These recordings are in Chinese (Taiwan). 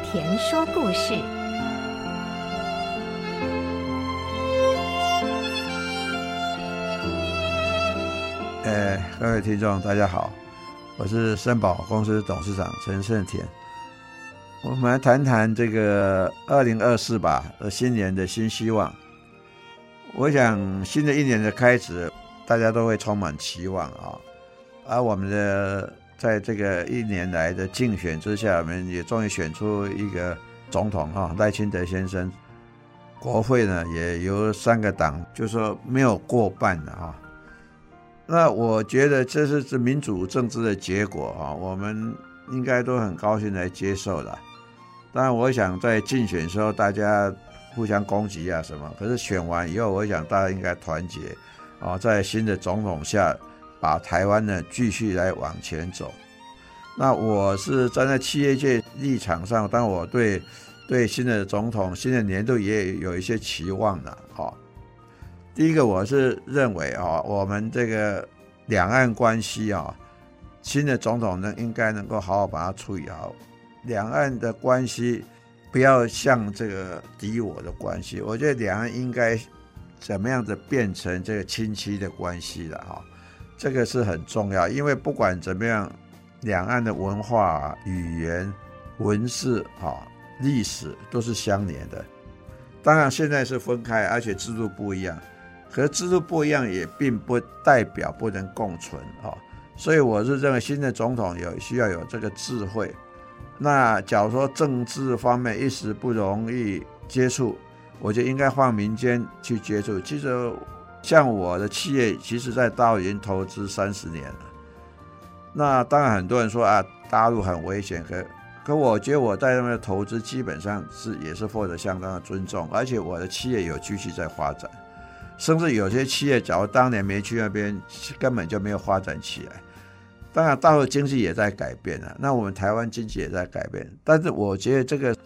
沺說故事。哎，各位聽眾，大家好，我是森寶公司董事長陳勝沺。我們來談談這個二零二四吧，新年的新希望。我想，新的一年的開始，大家都會充滿期望、哦、啊，而我們的。在這個一年來的競選之下，我們也終於選出一個總統哈，賴清德先生。國會呢，也有三個黨，就說沒有過半的啊。那我覺得這是民主政治的結果啊，我們應該都很高興來接受的。當然我想在競選的時候，大家互相攻擊啊什麼，可是選完以後，我想大家應該團結啊，在新的總統下。把台灣呢繼續來往前走，那我是站在企業界立場上，但我對對新的總統、新的年度也有一些期望的哈、哦。第一個我是認為啊、哦，我們這個兩岸關係啊、哦，新的總統呢應該能夠好好把它處理好，兩岸的關係不要像這個敵我的關係，我覺得兩岸應該怎麼樣子變成這個親戚的關係了哈。哦這個是很重要，因為不管怎麼樣，兩岸的文化、語言、文字、歷史都是相連的。當然，現在是分開，而且制度不一樣。可制度不一樣，也並不代表不能共存啊。所以，我是認為新的總統有需要有這個智慧。那假如說政治方面一時不容易接觸，我就應該放民間去接觸。其實。像我的企業，其實在大陸已經投資三十年了。那當然，很多人說啊，大陸很危險，可可我覺得我在那邊投資基本上是也是獲得相當的尊重，而且我的企業有繼續在發展，甚至有些企業假如當年沒去那邊，根本就沒有發展起來。當然，大陸經濟也在改變啊，那我們台灣經濟也在改變，但是我覺得這個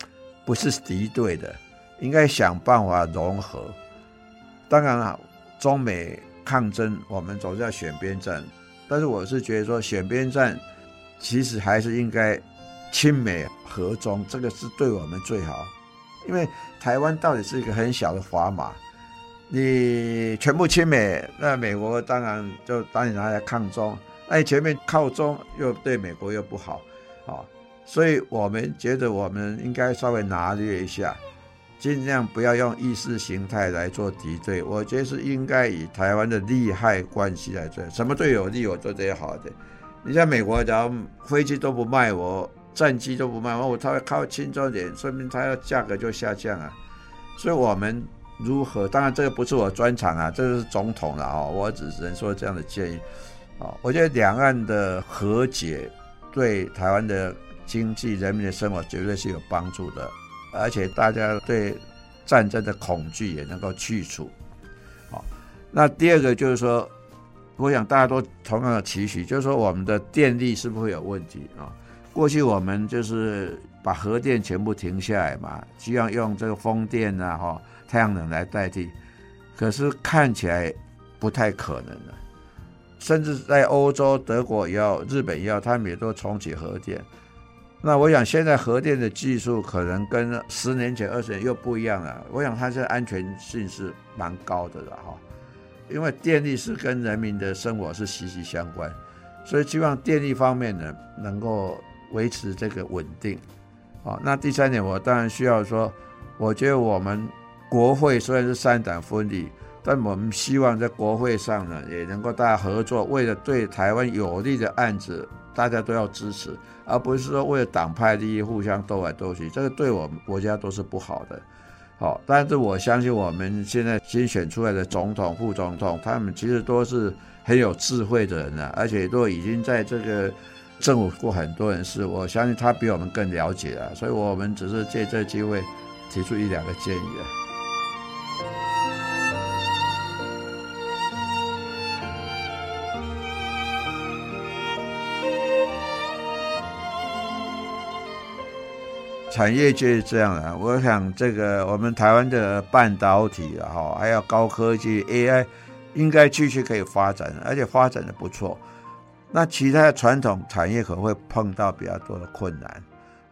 不是敵對的，應該想辦法融合。當然了啊。中美抗爭，我們總是要選邊站，但是我是覺得說選邊站，其實還是應該親美和中，這個是對我們最好，因為台灣到底是一個很小的砝碼，你全部親美，那美國當然就當然拿來抗中，那你全面靠中又對美國又不好啊。哦，所以我們覺得我們應該稍微拿捏一下。盡量不要用意識形態來做敵對，我覺得是應該以台灣的利害關係來做，什麼最有利，我做最好的。你像美國，然後飛機都不賣我，戰機都不賣我，他、哦、要靠輕裝點，說明它的價格就下降啊。所以，我們如何？當然，這個不是我專長啊，這個是總統了啊、哦，我只能說這樣的建議啊。我覺得兩岸的和解對台灣的經濟、人民的生活絕對是有幫助的。而且大家對戰爭的恐懼也能夠去除，好。那第二個就是說，我想大家都同樣的期許，就是說我們的電力是不是有問題啊、哦？過去我們就是把核電全部停下來嘛，希望用這個風電啊、哦、哈太陽能來代替，可是看起來不太可能了。甚至在歐洲，德國也好，日本也好，他們也都重啟核電。那我想，現在核電的技術可能跟十年前、二十年又不一樣了。我想，它現在安全性是蠻高的了哈。因為電力是跟人民的生活是息息相關，所以希望電力方面呢能夠維持這個穩定。好，那第三點，我當然需要說，我覺得我們國會雖然是三黨分立，但我們希望在國會上呢也能夠大家合作，為了對台灣有利的案子。大家都要支持，而不是說為了黨派利益互相鬥來鬥去，這個對我們國家都是不好的。好、哦，但是我相信我們現在新選出來的總統、副總統，他們其實都是很有智慧的人啊，而且都已經在這個政府過很多人事，我相信他比我們更了解啊，所以我們只是借這個機會提出一兩個建議啊。產業就是這樣啦。我想，這個我們台灣的半導體啊，哈，還有高科技 AI，應該繼續可以發展，而且發展的不錯。那其他傳統產業可能會碰到比較多的困難，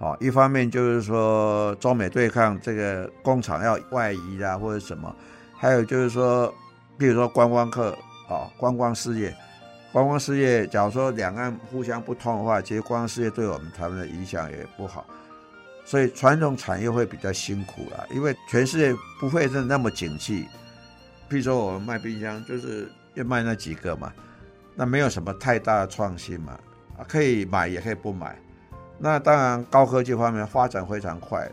啊，一方面就是說中美對抗，這個工廠要外移啦，或者什麼；還有就是說，比如說觀光客啊，觀光事業，觀光事業，假如說兩岸互相不通的話，其實觀光事業對我們台灣的影響也不好。所以傳統產業會比較辛苦啦，因為全世界不會是那麼景氣。譬如說，我們賣冰箱，就是要賣那幾個嘛，那沒有什麼太大的創新嘛，啊，可以買也可以不買。那當然，高科技方面發展非常快，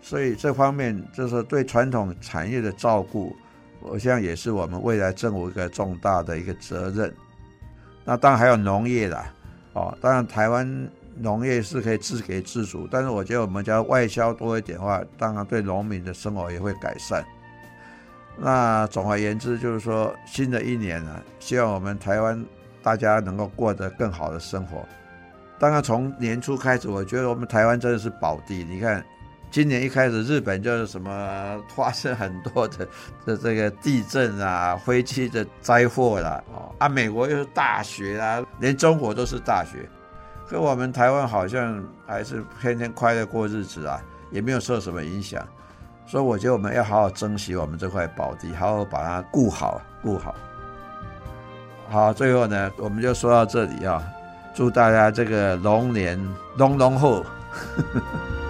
所以這方面就是對傳統產業的照顧，我想也是我們未來政府一個重大的一個責任。那當然還有農業啦，哦，當然台灣。農業是可以自給自足，但是我覺得我們家外銷多一點的話，當然對農民的生活也會改善。那總而言之，就是說新的一年呢、啊，希望我們台灣大家能夠過得更好的生活。當然，從年初開始，我覺得我們台灣真的是寶地。你看，今年一開始，日本就是什麼發生很多的這這個地震啊、飛機的災禍啦、啊，啊，美國又是大雪啦、啊，連中國都是大雪。可我們台灣好像還是天天快樂過日子啊，也沒有受什麼影響，所以我覺得我們要好好珍惜我們這塊寶地，好好把它顧好，顧好。好，最後呢，我們就說到這裡啊、哦，祝大家這個龍年龍龍後。